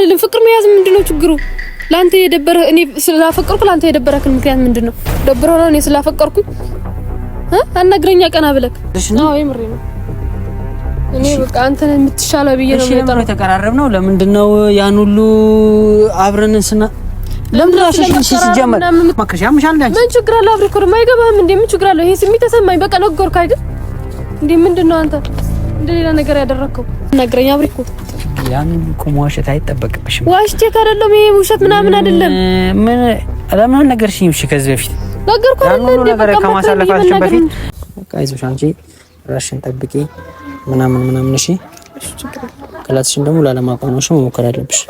አይደለም። ፍቅር መያዝ ምንድነው ችግሩ? ላንተ የደበረ እኔ ስላፈቀርኩ ላንተ የደበረክን ምክንያት ምንድነው? ደብሮ ነው እኔ ስላፈቀርኩ አናግረኛ ቀና ብለክ። አዎ ምሪ ነው። እኔ በቃ አንተ የምትሻለው ብዬ ነው የምጠራው። የተቀራረብነው ለምንድን ነው ያን ሁሉ አብረን ስና ለምን ምን ነው እንዴ? ምን አይደል እንዴ? አንተ ነገር ያደረከው? አናግረኛ አብሬ ያን ቁም ዋሽት አይጠበቅብሽም። ዋሽቼ ካደለም ይሄ ውሸት ምናምን አይደለም። ምን ለምን አልነገርሽኝም? እሺ ከዚህ በፊት ነገርኩ አይደል? ሁሉ ነገር ከማሳለፋችን በፊት በቃ ይዞሽ አንቺ ራስሽን ጠብቂ ምናምን ምናምን። እሺ ክላስሽን ደግሞ ላለማቋቋምሽ መሞከር አለብሽ።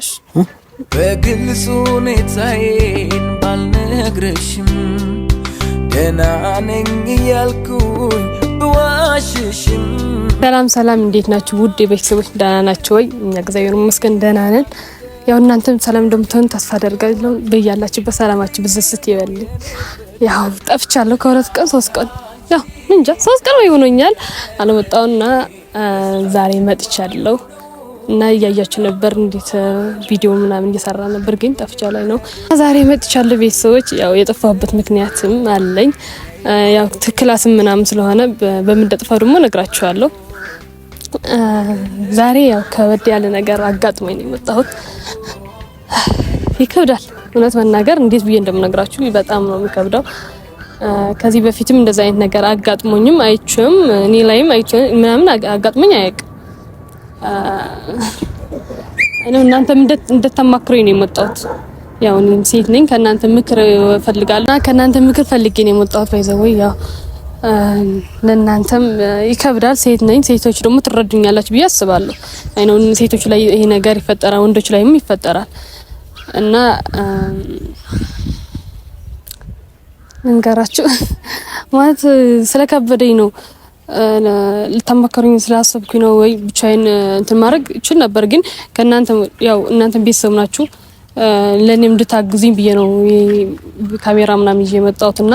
እሺ በግልጽ ሁኔታዬን ባልነግረሽም ገና ነኝ እያልኩኝ ሰላም ሰላም፣ እንዴት ናችሁ ውድ የቤተሰቦች? ደህና ናችሁ ወይ? እኛ እግዚአብሔር ይመስገን ደህና ነን። ያው እናንተም ሰላም እንደምትሆን ተስፋ አደርጋለሁ። በያላችሁበት በሰላማችሁ ብዝስት ይበል። ያው ጠፍቻለሁ ከሁለት ቀን ሶስት ቀን ያው እንጃ ሶስት ቀን ወይ ሆኖኛል አልመጣውና ዛሬ መጥቻለሁ እና እያያችሁ ነበር እንዴት ቪዲዮ ምናምን እየሰራ ነበር፣ ግን ጠፍቻለሁ ነው። ዛሬ መጥቻለሁ ቤተሰቦች። ያው የጠፋሁበት ምክንያትም አለኝ ያው ትክላስም ምናምን ስለሆነ በምንደጥፋው ደግሞ ነግራችኋለሁ። ዛሬ ያው ከበድ ያለ ነገር አጋጥሞኝ ነው የመጣሁት። ይከብዳል፣ እውነት መናገር እንዴት ብዬ እንደምነግራችሁ በጣም ነው የሚከብደው። ከዚህ በፊትም እንደዛ አይነት ነገር አጋጥሞኝም አይቼውም እኔ ላይም ምናምን አጋጥሞኝ አያውቅም። እኔ እናንተም እንደት ነው የመጣሁት። ያው እኔም ሴት ነኝ። ከእናንተ ምክር ፈልጋለሁ። ከእናንተ ምክር ፈልጌ ነው የመጣሁት። ባይዘው ያው ለእናንተም ይከብዳል። ሴት ነኝ። ሴቶች ደግሞ ትረዱኛላችሁ ብዬ አስባለሁ። አይነው ሴቶች ላይ ይሄ ነገር ይፈጠራል፣ ወንዶች ላይም ይፈጠራል እና መንገራችሁ ማለት ስለከበደኝ ነው ልታማከሩኝ ስላሰብኩኝ ነው ወይ ብቻዬን እንትን ማድረግ እችል ነበር፣ ግን ከእናንተ ያው እናንተም ቤተሰብ ናችሁ ለእኔም እንድታግዝኝ ብዬ ነው ካሜራ ምናምን ይዤ የመጣሁት እና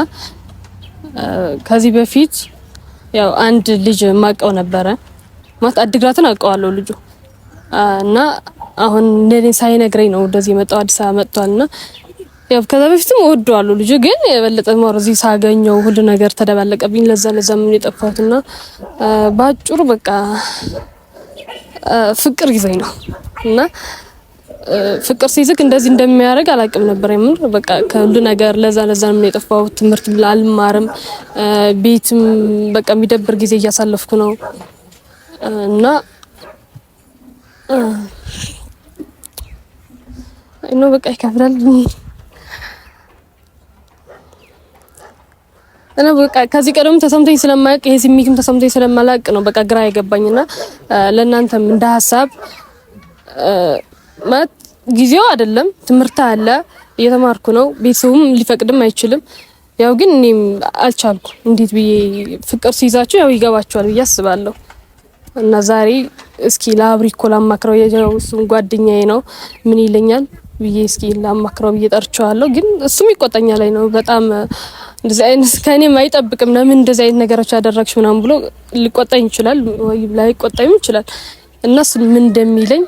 ከዚህ በፊት ያው አንድ ልጅ ማቀው ነበረ ማለት አድግራትን አውቀዋለሁ ልጁ እና አሁን ለኔ ሳይነግረኝ ነው ወደዚህ የመጣው አዲስ አበባ መጥቷልና ያው ከዛ በፊትም እወደዋለሁ ልጁ ግን የበለጠ ማር እዚህ ሳገኘው ሁሉ ነገር ተደባለቀብኝ። ለዛ ለዛ ምን የጠፋሁትና ባጭሩ በቃ ፍቅር ይዘኝ ነው እና ፍቅር ሲይዝክ እንደዚህ እንደሚያደርግ አላውቅም ነበር። የምር በቃ ከሁሉ ነገር ለዛ ለዛ ምን የጠፋሁት ትምህርት አልማርም፣ ቤትም በቃ የሚደብር ጊዜ እያሳለፍኩ ነው እና እኖ በቃ ይከፍላል እና በቃ ከዚህ ቀደም ተሰምተኝ ስለማያውቅ ይሄ ሲሚክም ተሰምተኝ ስለማላውቅ ነው በቃ ግራ የገባኝና ለእናንተም እንደ ሀሳብ ጊዜው አይደለም። ትምህርት አለ፣ እየተማርኩ ነው። ቤተሰቡም ሊፈቅድም አይችልም። ያው ግን እኔም አልቻልኩ። እንዴት ብዬ ፍቅር ሲይዛቸው ያው ይገባቸዋል ብዬ አስባለሁ። እና ዛሬ እስኪ እኮ ላማክረው፣ የጀው እሱም ጓደኛዬ ነው። ምን ይለኛል ብዬ እስኪ ላማክረው ብዬ ጠርቸዋለሁ። ግን እሱም ይቆጠኛ ላይ ነው በጣም እንደዚህ አይነት ከእኔም አይጠብቅም። ለምን እንደዚህ አይነት ነገሮች ያደረግሽ ምናምን ብሎ ሊቆጣኝ ይችላል ወይ ላይቆጣኝም ይችላል እና እሱ ምን እንደሚለኝ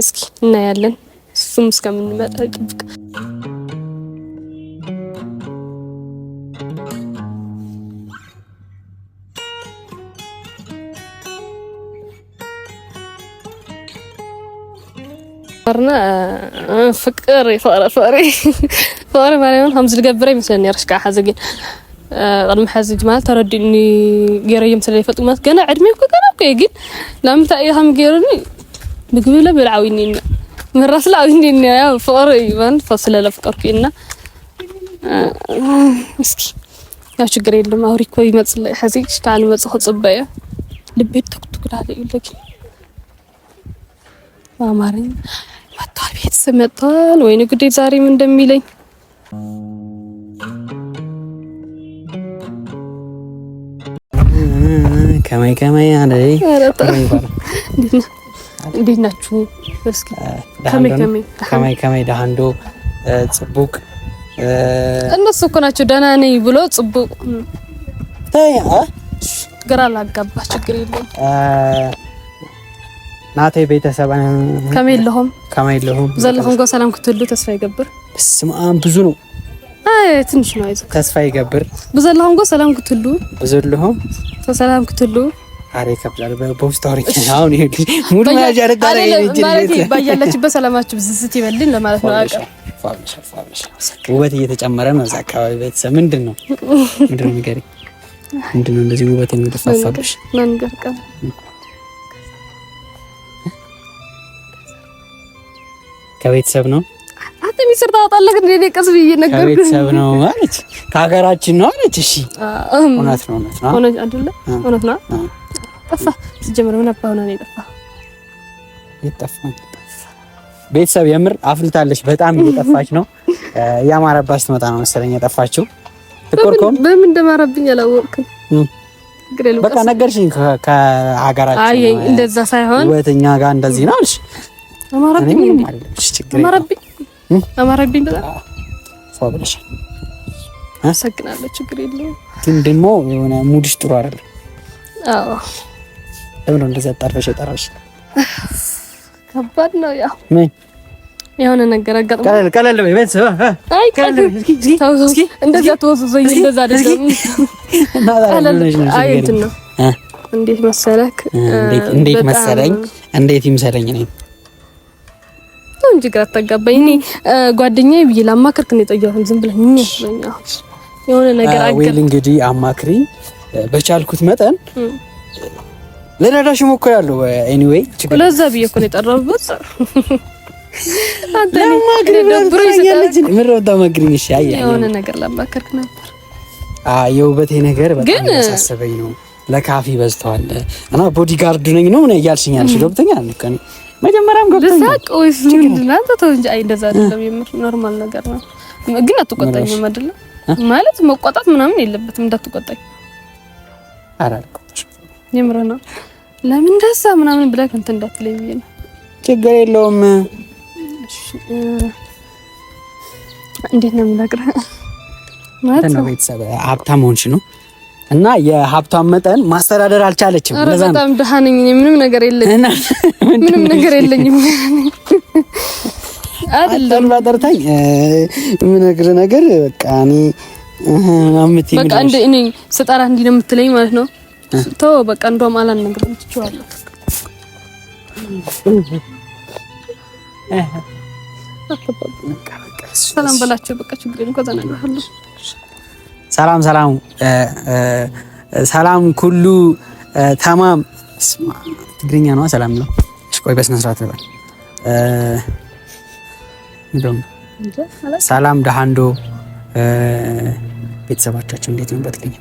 እስኪ እናያለን። እሱም እስከምንመጣ ጥብቅ ፍቅር ይፈረ ፈሪ ፈሪ ማለት ከምዚ ዝገብረ ይመስለኒ ርሽካ ሓዚ ግን ቅድሚ ሕዚ ማለት ተረዲኡኒ ገይረዮም ስለይፈጡ ማለት ገና ዕድሜ እኮ ገና እኮ ግን ናምንታይ እዩ ከም ገይሩኒ ምግብ ብልዓዊኒና ምራስ ላዊኒና ያው ፍቅር ይባን ስለለ ፍቅር ኩና እስኪ ያው ችግር የለም አውሪ እኮ ይመጽእ ሕዚ ሽታል መጽእ ክፅበየ ልቤ ቶክቶክ ላለ እዩ ለኪ በአማርኛ መጥቷል፣ ቤተሰብ መጥቷል። ወይኔ ጉዴ ዛሬም እንደሚለኝ ከመይ ከመይ አለ እንዴት ናችሁ? እስኪ ከማይ ከማይ ጽቡቅ እነሱ እኮ ናቸው። ደህና ነኝ ብሎ ጽቡቅ ግራ ላጋባ ችግር የለም። ናቴ ቤተሰብ ከመይለሆም ከመይለሆም ዘለኹም ጎ ሰላም ክትሉ ተስፋ ይገብር። በስመ አብ ብዙ ነው። አይ ትንሽ ነው። አይዞህ ተስፋ ይገብር። ብዘለኹም ሰላም ክትህሉ ብዘለኹም ተሰላም አሬ ይከብዳል። በውስጥ አውሪኝ። አሁን ሙሉ መያዣ ባያለችበት ሰላማችሁ ብዝዝት ይበልን ለማለት ነው። ውበት እየተጨመረ ነው። እዛ አካባቢ ቤተሰብ ምንድን ነው ምንድን ነው ንገሪኝ፣ ምንድን ነው እንደዚህ ውበት የሚደፋፋብሽ መንገር ቀን ከቤተሰብ ነው አጥም ይሰርታጣለህ እንዴ? ቀስ ብዬ ነገር ከቤተሰብ ነው ማለት ከሀገራችን ነው አለች። እሺ እውነት ነው፣ እውነት ነው፣ አይደለ እውነት ነው። ጠፋ? ሲጀምር ምን አባሁና ነው የጠፋ? ቤተሰብ የምር አፍልታለች። በጣም እየጠፋች ነው። ያማረባት ስትመጣ ነው መሰለኝ የጠፋችው። ትኮርኮም በምን እንደማረብኝ አላወቅም። በቃ ነገርሽኝ ከሀገራችን እንደዛ ሳይሆን ወተኛ ጋር እንደዚህ ነው አልሽ። አማረብኝ አማረብኝ አማረብኝ በጣም ብለሻል። አመሰግናለሁ። ችግር የለውም ግን ደግሞ የሆነ ሙድሽ ጥሩ አይደለም። አዎ ለምን እንደዚህ አጣርፈሽ የጠራሽ? ከባድ ነው። ያው ምን የሆነ ነገር አጋጥሞ ቀለል ቀለል በይ። አይ ቀለል እንደዛ ተወዘዘኝ እንደዛ አይደለም። አይ እንትን ነው። እንዴት መሰለክ? እንዴት መሰለኝ? እንዴት ይምሰለኝ ነኝ እንጂ ግራ አታጋባኝ። እኔ ጓደኛዬ ብዬ ላማክርክ ነው የጠየሁት። ዝም ብለህ ምን የሆነ ነገር አጋጥሞ እንግዲህ አማክሪኝ በቻልኩት መጠን ለረዳሽ እሞክራለሁ። ኤኒዌይ ለዛ ብዬ እኮ ነው የጠራሁበት። የሆነ ነገር ላማከርክ ነበር። የውበቴ ነገር በጣም ያሳሰበኝ ነው። ለካፊ በዝተዋል እና ቦዲጋርድ ነኝ ነው እያልሽኝ ያልሽ ገብቶኛል። መጀመሪያም ኖርማል ነገር ነው ግን አትቆጣኝም አይደለ? ማለት መቆጣት ምናምን የለበትም እንዳትቆጣኝ የምር ነው። ለምን ደሳ ምናምን ብለህ እንትን እንዳትለኝ ብዬ ነው። ችግር የለውም። እንዴት ነው የምነግርህ ማለት ነው ቤተሰብ ሀብታም ሆንሽ ነው እና የሀብቷን መጠን ማስተዳደር አልቻለችም። በጣም ድሃ ነኝ እኔ ምንም ነገር የለኝም፣ ምንም ነገር የለኝም። አይደለም ባጠርታኝ የምነግርህ ነገር በቃ እኔ በቃ እንደ እኔ ስጠራ እንዲህ ነው የምትለኝ ማለት ነው ተው በቃ እንደውም አላነግርም ትችዋለሁ። ሰላም በላቸው በቃ ችግር የለም። ከዛ ሰላም ሰላም ሰላም ኩሉ ተማም ትግርኛ ነዋ ሰላም ነው። እሺ ቆይ በስነ ስርዓት ነበር። ሰላም ደሃንዶ ቤተሰባቻችን እንዴት ነው? በትግርኛ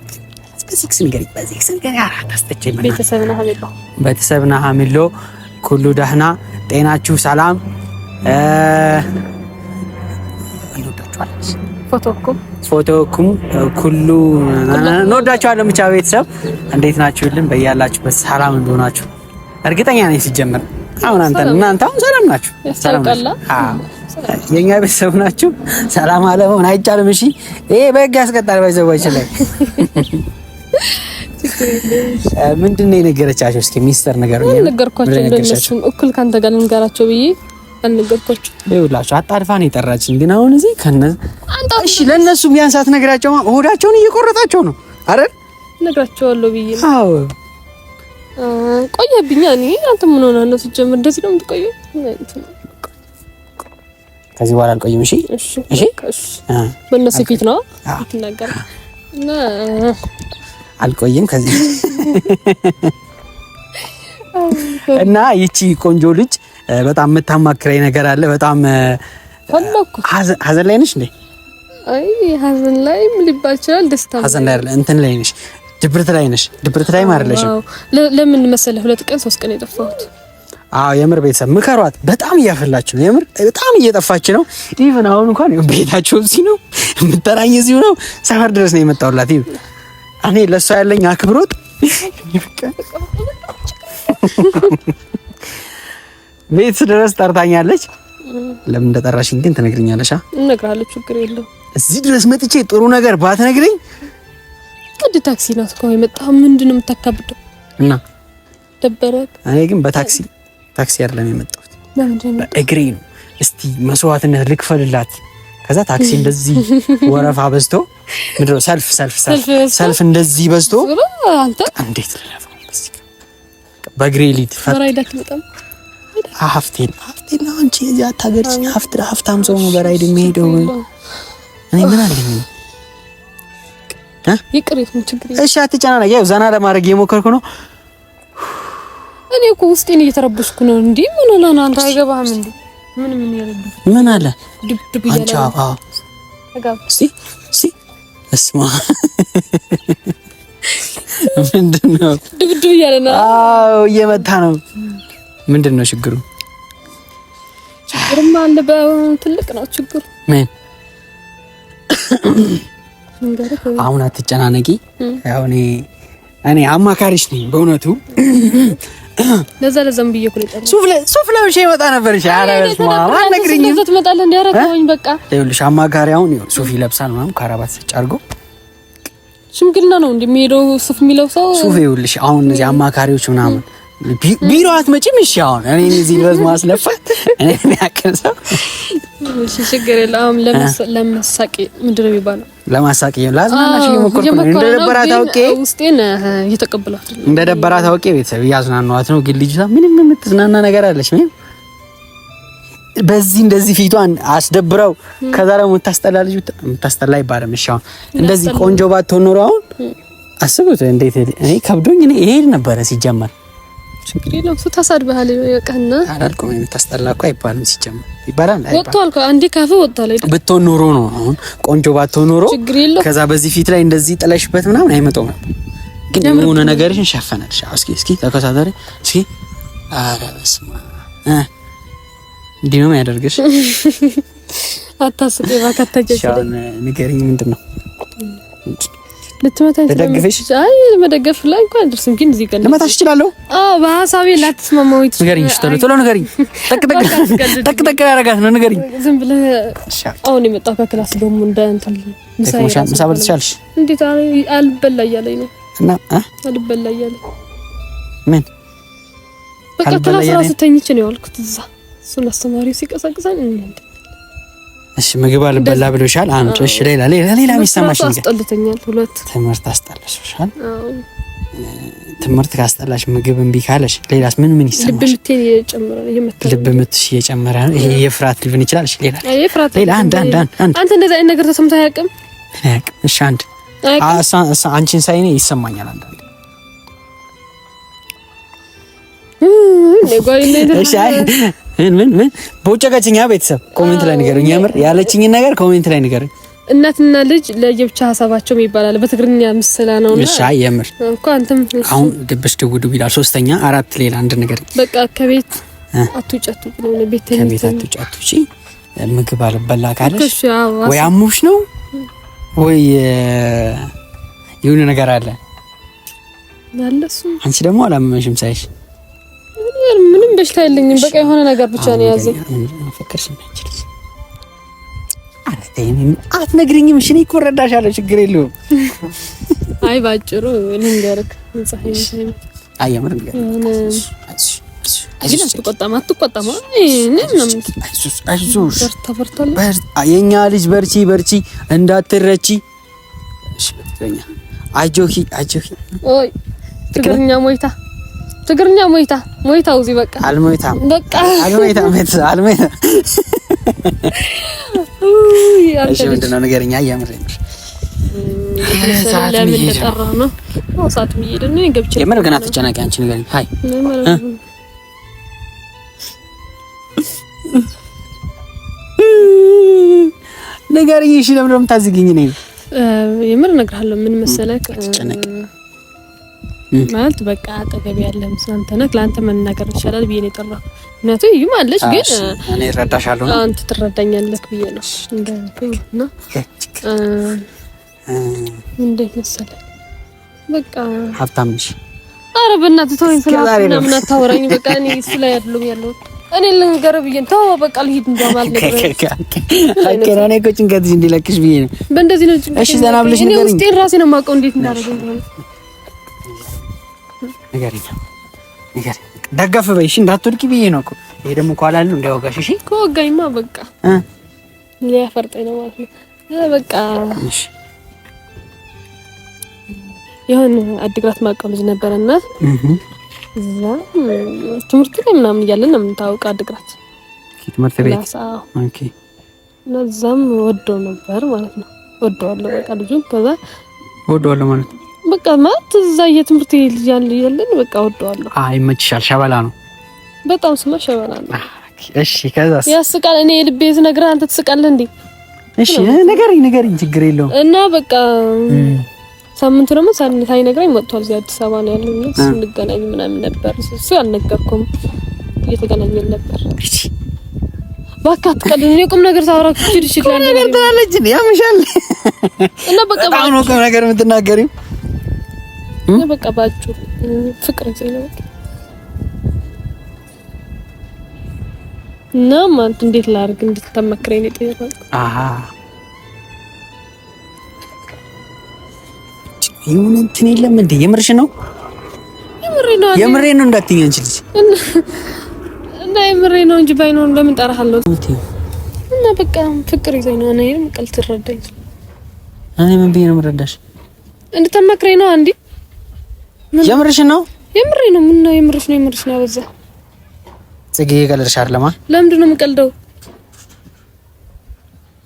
ቤተሰብና ሀሚሎ ኩሉ ደህና ጤናችሁ ሰላም ፎቶኩም ኩሉ እንወዳችኋለን። ብቻ ቤተሰብ እንዴት ናችሁልን? በያላችሁበት ሰላም እንደሆናችሁ እርግጠኛ ነኝ። ሲጀምር አሁን አንተ እናንተ አሁን ሰላም ናችሁ፣ የእኛ ቤተሰብ ናችሁ። ሰላም አለመሆን አይቻልም። እሺ፣ ይሄ በህግ ያስቀጣል። ባይዘዋችን ላይ ምንድን ነው የነገረቻቸው? እስኪ ሚስተር ነገር ነው ነገርኳቸው። እኩል ካንተ ጋር ልንገራቸው ብዬ አልነገርኳቸው። ይኸውላችሁ አጣድፋ ነው የጠራችን። ግን አሁን እዚህ ከነ እሺ፣ ለእነሱ ቢያንሳት አትነግራቸው። ሆዳቸውን እየቆረጣቸው ነው አይደል? እነግራቸዋለሁ ብዬ ነው። አዎ ቆየብኛ። እኔ አንተ ምን ሆነህ ነው ስትጀምር እንደዚህ ነው የምትቆየው? ከዚህ በኋላ አልቆይም። እሺ፣ እሺ፣ እሺ። በእነሱ ፊት ነው ትናገር እና አልቆይም ከዚህ እና ይቺ ቆንጆ ልጅ በጣም የምታማክረኝ ነገር አለ። በጣም ሀዘን ላይ ነሽ እንዴ? አይ ሀዘን ላይም ሊባል ይችላል። ደስታ ሀዘን ላይ እንትን ላይ ነሽ፣ ድብርት ላይ ነሽ። ድብርት ላይ ማለሽ ለምን መሰለ ሁለት ቀን ሶስት ቀን የጠፋሁት አዎ የምር ቤተሰብ ምከሯት። በጣም እያፈላች ነው። የምር በጣም እየጠፋች ነው። ኢቭን አሁን እንኳን ቤታቸው እዚህ ነው፣ የምጠራኝ እዚሁ ነው። ሰፈር ድረስ ነው የመጣሁላት። እኔ ለእሷ ያለኝ አክብሮት ቤት ድረስ ጠርታኛለች። ለምን እንደጠራሽኝ ግን ትነግርኛለሽ? እነግርሃለሁ፣ ችግር የለው። እዚህ ድረስ መጥቼ ጥሩ ነገር ባትነግርኝ። ቅድ ታክሲ ናት እኮ የመጣህ። ምንድን ነው የምታካብደው? እና ደበረህ? እኔ ግን በታክሲ ታክሲ አይደለም የመጣሁት በእግሬ ነው። እስቲ መስዋዕትነት ልክፈልላት ከዛ ታክሲ እንደዚህ ወረፋ በዝቶ ምድሮ ሰልፍ ሰልፍ ሰልፍ እንደዚህ በዝቶ እንዴት ልለፈው በእግሬ ሊት ሀፍቴን ሀፍቴን አንቺ እዚህ ሀፍታም ሰው ነው በራይድ የሚሄደው። እኔ ምን አለኝ? እሺ አትጨናነቅ። ያው ዘና ለማድረግ ነው። እኔ እኮ ውስጤን እየተረበሽኩ ነው። ምን አንተ አይገባህም እንዴ? ምን አለ አንቺ አፋ እስማ ምንድን ነው ድብድብ እያለ ነው? አዎ እየመታ ነው። ምንድን ነው ችግሩ? ችግርማ አለ። ትልቅ ነው ችግሩ። ምን አሁን አትጨናነቂ። ያው እኔ አማካሪሽ ነኝ በእውነቱ ለዛ ለዛም ብዬ እኮ ነው ሱፍ ሱፍ ለብሼ ይመጣ ነበር። ይኸውልሽ፣ አማካሪ አሁን ሱፍ ይለብሳል ምናምን ካራባት ስጭ ሽምግልና ነው እንደሚሄደው ሱፍ የሚለብሰው ሱፍ ይኸውልሽ፣ አሁን እነዚህ አማካሪዎች ምናምን ቢሮ አትመጪም? እሺ አሁን እኔ እዚህ ድረስ ማስለፋት እኔ ያክል ሰው እሺ፣ ችግር የለውም። ለመሳቂ ምንድን ነው የሚባለው? ለማሳቂ ላዝናናሽ እየሞከርኩ ነው። እንደ ደበራት አውቄ ውስጤን እየተቀበሏት እንደ ደበራት አውቄ ቤተሰብ እያዝናናዋት ነው። ግን ልጅቷ ምንም የምትዝናና ነገር አለች ምንም በዚህ እንደዚህ ፊቷን አስደብረው ከዛ ደግሞ የምታስጠላ ልጅ የምታስጠላ አይባልም። እሺ አሁን እንደዚህ ቆንጆ ባትሆን ኖሮ አሁን አስቡት እንዴት እኔ ከብዶኝ እኔ ይሄድ ነበረ ሲጀመር ችግር የለውም። እሱ ታሳድበሃል ቀን አላልኩም። የምታስጠላ እኮ አይባልም። ሲጀምር ይባላል ወጥቷል። አንዴ ካፍ ወጥቷል። ብትሆን ኖሮ ነው አሁን ቆንጆ ባትሆን ኖሮ ከዛ በዚህ ፊት ላይ እንደዚህ ጥለሽበት ምናምን አይመጣው ነበር። ግን የሆነ ነገርሽን ሸፈነልሽ። እስኪ እስኪ ተከታተሪ እስኪ። ኧረ በስመ አብ እንዲህ ነው የሚያደርግሽ። አታስቂ እባክህ። አታጀጅ። ንገሪኝ ምንድን ነው ልትመታኝ ተደግፈሽ? አይ መደገፍ ላይ እንኳን አልደርስም፣ ግን እዚህ ቀልድ ልመታሽ እችላለሁ። አዎ በሐሳቤ ላትስማማው ይት ንገሪኝ፣ ቶሎ ቶሎ ንገሪኝ። ጠቅ ጠቅ ጠቅ ጠቅ ያደርጋት ነው። ንገሪኝ። ዝም ብለህ አሁን የመጣው ከክላስ ደግሞ እንዳንተል ምሳ በልተሻልሽ? እንዴት አልበላ እያለኝ ነው። እና አልበላ እያለኝ ምን በቃ ክላስ ራሱ ተኝቼ ነው ያልኩት። እዛ እሱን አስተማሪው ሲቀሳቅሳኝ እንዴ እሺ ምግብ አልበላ ብሎሻል። አንድ እሺ፣ ሌላ ሌላ ሌላ የሚሰማሽ ነገር አስጠልቶኛል። ሁለት ትምህርት አስጠላሽሻል። ትምህርት ካስጠላሽ፣ ምግብ እምቢ ካለሽ፣ ሌላስ ምን ምን ይሰማሽ? ልብ ምትሽ እየጨመረ ነው። ይሄ የፍርሃት ሊሆን ይችላል። እሺ፣ ሌላ ሌላ አንድ አንድ አንድ አንድ አንተ እንደዛ አይነት ነገር ተሰምቶ አያውቅም። አያውቅም። እሺ፣ አንድ አሳ አንቺን ሳይ እኔ ይሰማኛል። አንድ አንድ እሺ ምን ምን ምን በውጨቀችኛ ቤተሰብ ኮሜንት ላይ ንገሩኝ። የምር ያለችኝ ነገር ኮሜንት ላይ ንገሩኝ። እናትና ልጅ ለየብቻ ሀሳባቸውም ይባላል በትግርኛ ምስላ ነው። እሺ የምር እኮ አንተም አሁን ድብሽ ድውዱ ቢላል ሶስተኛ አራት ሌላ አንድ ነገር በቃ ከቤት አትውጫቱ ነው ቤት ከቤት አትውጫቱ እሺ። ምግብ አልበላ ካለሽ ወይ አሙሽ ነው ወይ የሆነ ነገር አለ አለሱ አንቺ ደግሞ አላመመሽም ሳይሽ ምንም በሽታ የለኝም። በቃ የሆነ ነገር ብቻ ነው ያዘኝ። አትነግሪኝም? እሺ እኔ እኮ እረዳሻለሁ፣ ችግር የለውም። አይ ባጭሩ ልንገርክ፣ የምር ግን አትቆጣም፣ አትቆጣም። የእኛ ልጅ በርቺ፣ በርቺ እንዳትረቺ። ትግርኛ ሞይታ፣ ትግርኛ ሞይታ ሞይታው እዚህ በቃ አልሞይታም፣ በቃ አልሞይታም። ቤተሰብ አልሞይታም። እሺ ምንድን ነው ንገረኛ። እያመረኝ የምር አንቺ ንገረኝ። ሀይ ንገረኝ። እሺ ለምን የምር እነግርሃለሁ። ምን መሰለህ ማለት በቃ አጠገብ ያለ ምስል ነክ ነህ፣ ለአንተ መናገር ይሻላል ብዬ ነው የጠራው። ምክንያቱ ይም አለች ግን እኔ እረዳሻለሁ ነው አንተ ትረዳኛለህ ብዬ ነው እንደና እንዴት መሰለህ በቃ ሀብታምሽ አረ በእናትህ ተወኝ፣ ፍላጎት ምን አታወራኝ። በቃ እኔ እሱ ላይ አይደለም ያለው እኔ ልንገርህ ብዬ ተው በቃ ልሂድ። እንደውም አልነግረህም። እኔ እኮ ጭንቀትሽ እንዲለቅሽ ብዬ ነው በእንደዚህ ነው ጭንቀት። እሺ ዘና ብለሽ ንገሪኝ። እኔ ውስጤን ራሴ ነው የማውቀው እንዴት እንዳደረገኝ ንገሪኝ ነገር ደገፍ በይ እሺ፣ እንዳትወድቂ ብዬ ነው እኮ። ይሄ ደግሞ ከኋላ ያለው እንዳይወጋሽ እሺ። ከወጋኝማ በቃ ሊያፈርጠኝ ነው ማለት ነው። በቃ እሺ። የሆነ አዲግራት ልጅ ነበረና እዛ ትምህርት ላይ ምናምን እያለን ነው የምታውቀው። አዲግራት ትምህርት ቤት ኦኬ። እዛም ወዶ ነበር ማለት ነው። ወዶ አለ በቃ ልጁን ከዛ ወዶ አለ ማለት ነው በቃ ማለት እዛ የትምህርት ልጅ ያለ ያለን በቃ ወደዋለሁ። ይመችሻል። ሸበላ ነው በጣም ስማ፣ ሸበላ ነው። እሺ ከዛስ? ያስቃል። እኔ ልቤ ስነግርህ አንተ ትስቃለህ እንዴ? እሺ ንገረኝ፣ ንገረኝ፣ ችግር የለውም። እና በቃ ሳምንቱ ደግሞ ሳይነግረኝ ወጥቷል። እዚህ አዲስ አበባ ነው ያለው እና ስንገናኝ ምናምን ነበር እሱ አልነገርኩም። እየተገናኘን ነበር። በቃ አትቀልድ። እኔ ቁም ነገር ሳወራክ ትችልሽ ነገር ትላለች። ያምሻል እና በቃ በጣም ነው ቁም ነገር የምትናገሪው በቃ ባጩ ፍቅር ሰው ነው። እና ማለት እንዴት ላድርግ እንድትመክረኝ ነው የጠየኩት። አሃ ይሁን እንትን የለም እንዴ? የምርሽ ነው? የምሬ ነው። የምሬ ነው እንዳትኝ አንቺ ልጅ እና የምሬ ነው እንጂ ባይኖር ለምን ጠራሃለሁ? እና በቃ ፍቅር ይዘኝ ነው። እኔም ቀልድ ትረዳኝ። እኔ ምን ብዬሽ ነው የምረዳሽ? እንድትመክረኝ ነው አንዴ የምርሽ ነው? የምሬ ነው። ምን ነው የምርሽ ነው? የምርሽ ነው። በዛ ጽጌ ቀልድሽ አይደለማ። ለምንድን ነው የምቀልደው?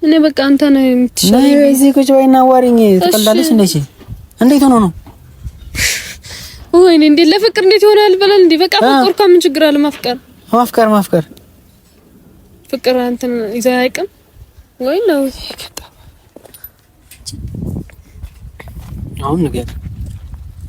እኔ በቃ አንተ ነው የምትሻለው። ነይ እዚህ ቁጭ በይና አዋሪኝ። ትቀልዳለሽ እንዴ? እንዴት ሆኖ ነው? ወይኔ እንዴት ለፍቅር እንዴት ይሆናል? በላል እንዴ በቃ ፍቅር እኮ ምን ችግር አለ? ማፍቀር ማፍቀር ማፍቀር ፍቅር አንተን ይዘህ አይቅም ወይ ነው አሁን ነገር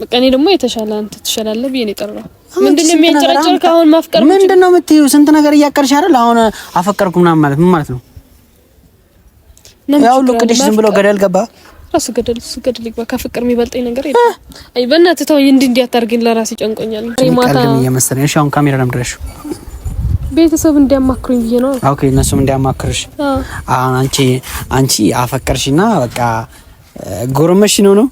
በቃ እኔ ደግሞ የተሻለ አንተ ትሻላለህ ብዬ ነው የጠራው። ምንድነው የሚያጨረጭር? ከአሁን ማፍቀር ምንድነው የምትይው? ስንት ነገር እያቀርሽ አይደል? አሁን አፈቀርኩ ምናምን ማለት ምን ማለት ነው? ያው ልቅድሽ ዝም ብሎ ገደል ገባ። ራሱ ገደል እሱ ገደል ይግባ። ከፍቅር የሚበልጠኝ ነገር የለም። አይ በእናትህ ተው፣ እንዲህ እንዲህ አታርጊኝ። ለራሴ ጨንቆኛል። ማታ የመሰለኝ እሺ። አሁን ካሜራ ለምን ድረሽ ቤተሰብ እንዲያማክሩኝ ብዬ ነው። ኦኬ፣ እነሱም እንዲያማክሩሽ። አሁን አንቺ አንቺ አፈቀርሽና በቃ ጎረመሽ ነው ነው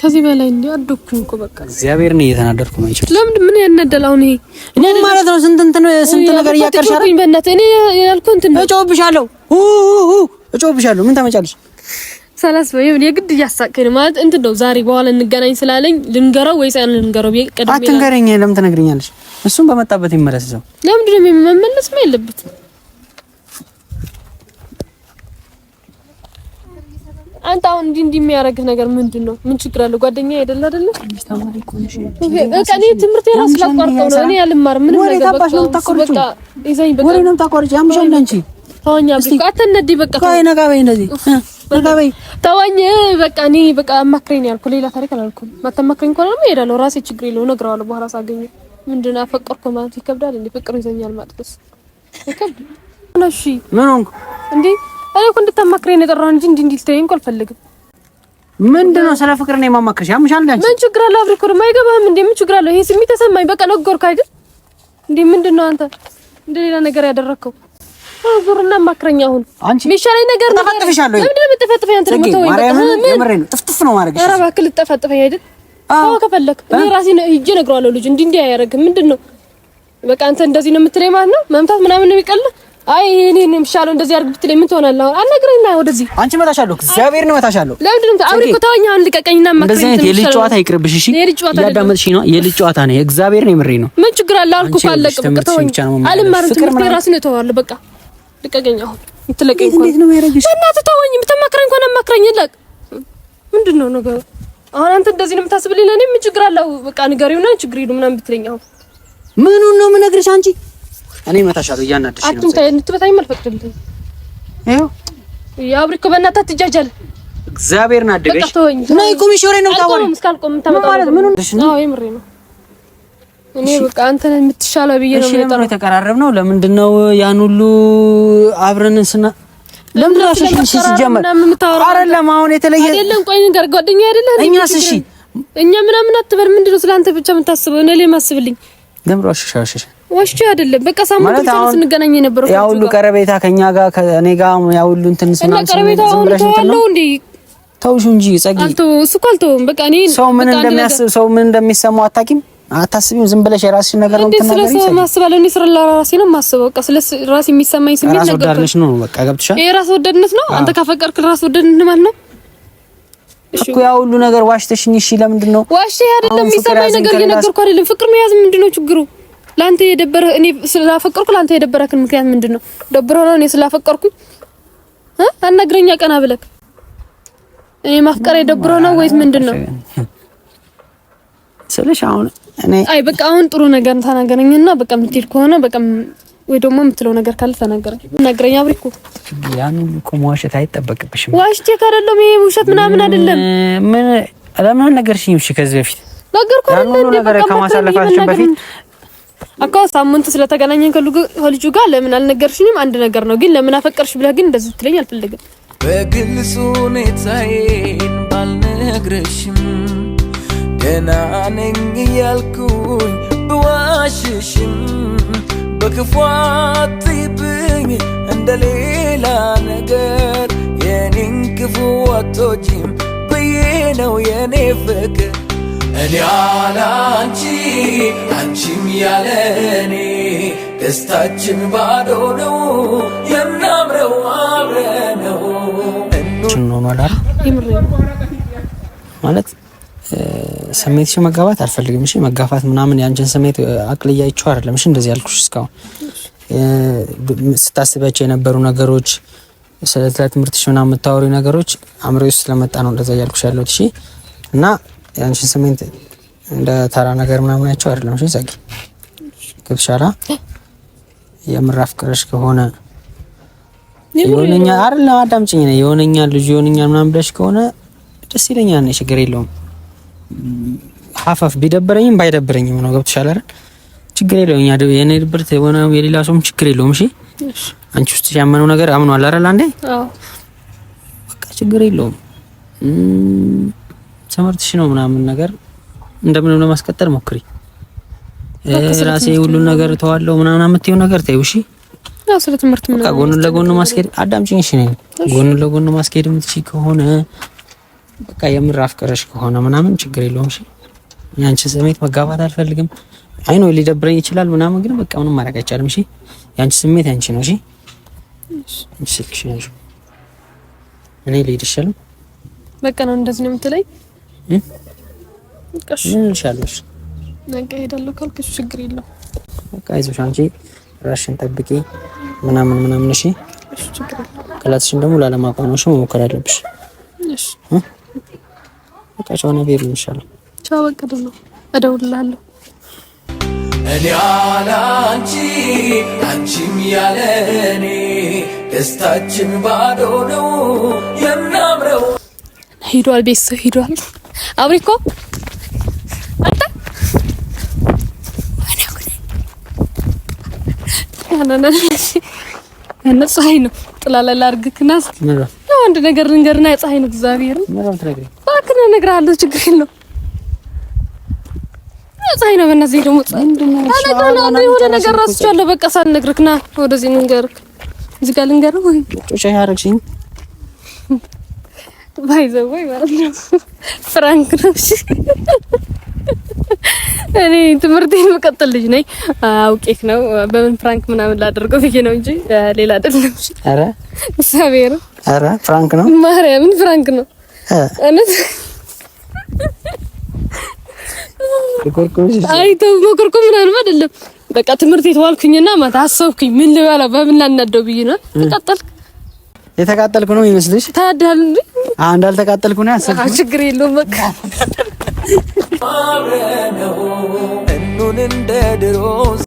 ከዚህ በላይ እንዴ አደኩኝ እኮ በቃ እግዚአብሔር ነው እየተናደድኩ ነው። እንጂ ለምን ምን ያነደላው ነው ይሄ እኔ ማለት ነው ስንት እንትን ስንት ነገር እያቀርሻለሁ። አረኝ በእናት እኔ ያልኩህ እንትን እጮብሻለሁ፣ ኡ ኡ እጮብሻለሁ። ምን ታመጫለሽ? ሰላስ ወይ ምን የግድ እያሳቀኝ ነው ማለት እንትን ነው። ዛሬ በኋላ እንገናኝ ስላለኝ ልንገረው ወይስ ያን ልንገረው? ብዬሽ ቀድሜ አትንገረኝ። ለምን ትነግረኛለሽ? እሱም በመጣበት ይመለስ። እዛው ለምንድን ነው ማለት የለበትም አንተ አሁን እንዲህ እንዲህ የሚያደርግህ ነገር ምንድን ነው? ምን ችግር አለ? ጓደኛ አይደለ አይደለ? በቃ እኔ ትምህርት የራስ ላቋርጠው ነው። እኔ ያልማር ምንም ነገር በቃ በቃ ይዘኝ በቃ ተወኛ። በቃ አትነዲ። በቃ ነጋ በይ፣ እንደዚህ ነጋ በይ፣ ተወኝ በቃ። እኔ በቃ አማክረኝ ያልኩ ሌላ ታሪክ አላልኩም። ማታማክረኝ ከሆነ ደግሞ እሄዳለሁ። ራሴ ችግር የለውም እነግረዋለሁ በኋላ ሳገኘ። ምንድን ነው አፈቀርኩ ማለት ይከብዳል እንዴ? ፍቅር ይዘኛል ማጥፈስ ይከብዳል። እሺ ምን ሆንኩ እንዴ? እኔ እኮ እንድታማክረኝ ነው የጠራሁት እንጂ እንዲህ እንዲህ ልትለኝ እኮ አልፈልግም። ምንድን ነው ስለ ፍቅር ነው የማማክርሽ? ያምሻል። አንቺ ምን ችግር አለ? አብሬ ደግሞ አይገባህም እንዴ? ምን ችግር አለ? ይሄ ስሜት ተሰማኝ። በቃ ነገርኩህ አይደል እንዴ? ምንድን ነው አንተ እንደ ነገር ያደረግከው? ዙርና ማክረኛ አሁን አንቺ የሚሻለኝ ነገር ነው። ተፈጥፈሻለሁ። ለምንድን ነው የምትፈጥፈኝ አንተ? ደግሞ ተወኝ በቃ። ምን ጥፍጥፍ ነው ማድረግሽ? ኧረ እባክህ ልትጠፈጥፈኝ አይደል? አዎ ከፈለክ እኔ ራሴ ሂጄ እነግረዋለሁ። ልጁ እንዲህ እንዲህ አያደርግም። ምንድን ነው በቃ አንተ እንደዚህ ነው የምትለኝ ማለት ነው? መምታት ምናምን ነው የሚቀልህ አይ እኔ ነው የሚሻለው። እንደዚህ አድርግ ብትለኝ ምን ትሆናለህ? አሁን አልነግረኝና ወደዚህ አንቺ እመታሻለሁ። እግዚአብሔር ነው እመታሻለሁ። ለምንድን ነው አብሬ እኮ ተወኝ። አሁን ልቀቀኝና እንደዚህ አይነት የልጅ ጨዋታ ይቅርብሽ። እሺ ያዳመጥሽኝ ነው የልጅ ጨዋታ ነው። እግዚአብሔር ነው የምሬ ነው። ምን ችግር አለ አልኩ። ካለቀ በቃ ተወኝ። አልማርም ትምህርት የራሱ ነው። ተዋለ በቃ ልቀቀኝ። አሁን የምትለቀኝ እኮ እንዴት ነው የሚያደርግሽ? በእናትህ ተወኝ። ብትመክረኝ እንኳን አማክረኝ። ልቀቅ። ምንድን ነው ነገሩ? አሁን አንተ እንደዚህ ነው የምታስብልኝ ለእኔ ምን ችግር አለው? በቃ ንገሪውና ችግር ይሉ ምናምን ብትለኝ አሁን ምኑን ነው የምነግርሽ አንቺ እኔ እመታሻለሁ። እያናደሽ ነው። አትምታ። እንትበታኝ አልፈቅድም። እግዚአብሔር ናደገሽ ነው። ወሬ ነው ነው እኔ አንተ የምትሻለው ብዬ ነው ነው። ለምንድን ነው ያን ሁሉ አብረን ስና ለምን ነው እሺ? ሲጀመር አይደለም አሁን የተለየ አይደለም። ቆይ ነገር ጓደኛዬ አይደለም እኛስ? እሺ እኛ ምናምን አትበል። ምንድን ነው ስለ አንተ ብቻ የምታስበው? እኔ ላይ ማስብልኝ ለምን አሸሻሸሽ? ወሽቹ አይደለም በቃ ሳምንት ተሰራስ እንገናኝ የነበረው ያ ሁሉ ቀረቤታ ከኛ ጋር ከኔ ጋር ያ ሁሉ እንትን ስናንስ ቀረቤታ ሁሉ ተዋለው እንዴ ተውሹ እንጂ ጸጊ አልቶ እሱ እኮ አልተውም። በቃ እኔ ሰው ምን እንደሚያስብ ሰው ምን እንደሚሰማው አታውቂም፣ አታስቢም። ዝም ብለሽ የራስሽን ነገር ነው የምትናገሪው። ስለ ሰው ማስባለ እኔ ስለ ራሴ ነው የማስበው። በቃ ስለ ራሴ የሚሰማኝ ስሜት ነገር ነው። ነው። በቃ ገብቶሻል። ይሄ ራስ ወዳድነት ነው። አንተ ካፈቀርክ ራስ ወዳድነት ማለት ነው። እኮ ያው ሁሉ ነገር ዋሽተሽኝ፣ እሺ ለምንድን ነው ዋሽ? አይደለም የሚሰማኝ ነገር እየነገርኩ አይደለም። ፍቅር መያዝ ምንድን ነው ችግሩ? ላንተ የደበረ እኔ ስላፈቀርኩ ላንተ የደበረክን ምክንያት ምንድን ነው? ደብሮ ነው እኔ ስላፈቀርኩኝ አናግረኛ ቀና ብለክ እኔ ማፍቀር የደብሮ ነው ወይስ ምንድን ነው ስልሽ፣ አሁን እኔ አይ በቃ አሁን ጥሩ ነገር ተናገረኝና በቃ የምትሄድ ከሆነ በቃ ወይ ደግሞ የምትለው ነገር ካለ ተናገረ ነገረኝ። አብሪ ያን ሁሉ እኮ መዋሸት አይጠበቅብሽም። ዋሽቼ ካደለም ይሄ ውሸት ምናምን አይደለም። ምን ለምን ነገርሽኝ? እሺ ከዚህ በፊት ነገርኩህ አይደል? ነገር ከማሳለፋችን በፊት አካ ሳምንት ስለተገናኘን ከልጁ ጋር ለምን አልነገርሽኝም? አንድ ነገር ነው። ግን ለምን አፈቀርሽ ብለህ ግን እንደዚህ ትለኝ አልፈልግም። በግልጽ ሁኔታዬን ባልነግረሽም ገና ነኝ እያልኩኝ ብዋሽሽም በክፏ አትይብኝ እንደ ሌላ ነገር የኔን ክፉ አትወጂም ብዬ ነው የኔ ፍቅር እኔ ያለ አንቺ አንቺም ያለ እኔ ደስታችን ባዶ ነው የምናምረው አብረ ነው ማለት ስሜት መጋባት አልፈልግም። እሺ መጋፋት ምናምን ያንቺን ስሜት አቅልያይቼው አይደለም። እሺ እንደዚህ ያልኩሽ እስካሁን ስታስቢያቸው የነበሩ ነገሮች፣ ስለ ትምህርትሽ ምናምን የምታወሪ ነገሮች አእምሮ ውስጥ ስለመጣ ነው እንደዛ እያልኩሽ ያለሁት። እሺ እና ያንቺን ስሜት እንደ ተራ ነገር ምናምን ያቸው አይደለም። እሺ ጸጊ ገብሻላ የምር አፍቅረሽ ከሆነ የሆነኛ አይደለም፣ አዳምጪኝ። የሆነኛ ልጅ የሆነኛ ምናምን ብለሽ ከሆነ ደስ ይለኛል፣ ችግር የለውም ሀፋፍ ቢደብረኝም ባይደብረኝም ነው። ገብቶሻል አይደል? ችግር የለውም። የኔ ድብርት የሆነ የሌላ ሰውም ችግር የለውም። እሺ አንቺ ውስጥ ያመነው ነገር አምኗል አይደል? አንዴ በቃ ችግር የለውም። ትምህርትሽ ነው ምናምን ነገር እንደምንም ለማስቀጠል ሞክሪ። ራሴ ሁሉን ነገር ተዋለው ምናምን የምትይው ነገር ተይው። እሺ ስለ ትምህርት ምን በቃ ጎን ለጎን ማስኬድ አዳምጪኝ። እሺ ጎን ለጎን ማስኬድ የምትችይ ከሆነ በቃ የምር አፍቅረሽ ከሆነ ምናምን ችግር የለውም። እሺ ያንቺ ስሜት መጋባት አልፈልግም። አይ ነው ሊደብረኝ ይችላል ምናምን፣ ግን በቃ ምንም ማድረግ አይቻልም። እሺ ያንቺ ስሜት ያንቺ ነው። እሺ ስልክሽ ነው። እኔ ልሂድ ይሻላል። በቃ ነው እንደዚህ ነው የምትለኝ? በቃ እሄዳለሁ ካልኩሽ ችግር የለውም። በቃ አይዞሽ አንቺ ራሽን ጠብቂ ምናምን ምናምን። እሺ ክላስሽን ደግሞ ላለማቋም ነው መሞከር አለብሽ። እሺ በቃ ቻው፣ ነገ ይሻላል። ቻው፣ በቃ ደግሞ እደውልልሃለሁ። እኔ ያለ አንቺ አንቺም ያለ እኔ ደስታችን ባዶ ነው የምናምረው። ሂዷል፣ ቤተሰብ ሂዷል። አብሪኮ አንተ ፀሐይ ነው ጥላላ ላርግክናስ ያው አንድ ነገር ልንገርና የፀሐይን እግዚአብሔርን እባክህ ነው እነግርሃለሁ። ችግር የለውም ፀሐይ ነው። በእነዚህ ደግሞ ፀሐይ የሆነ ነገር እራስቻለሁ። በቃ ሳልነግርህ ና ወደዚህ ልንገርህ፣ እዚህ ጋር ልንገርህ። ወይ ጮሻ ያረግሽኝ ባይዘው ወይ ማለት ነው ፍራንክ ነው። እሺ እኔ ትምህርቴን መቀጠል ልጅ ነኝ። አውቄክ ነው በምን ፍራንክ ምናምን ላደርገው ብዬ ነው እንጂ ሌላ አይደለም። እሺ ኧረ ኧረ ፍራንክ ነው፣ ማርያምን ፍራንክ ነው። እውነት አይተው መኮርኮም ምናምን አይደለም። በቃ ትምህርት የተዋልኩኝና ማታ አሰብኩኝ፣ ምን ልበላ በምን ላናደው ብዬ ነው። ተቃጠልክ። የተቃጠልኩ ነው ይመስልሽ? ታዳል እንዴ? አዎ እንዳልተቃጠልኩ ነው ያሰብኩ። ችግር የለውም በቃ እንደ ድሮ